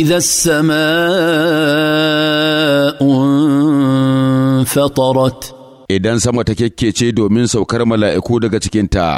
اذا السماء انفطرت idan sama ta kyakkece domin saukar mala'iku daga cikinta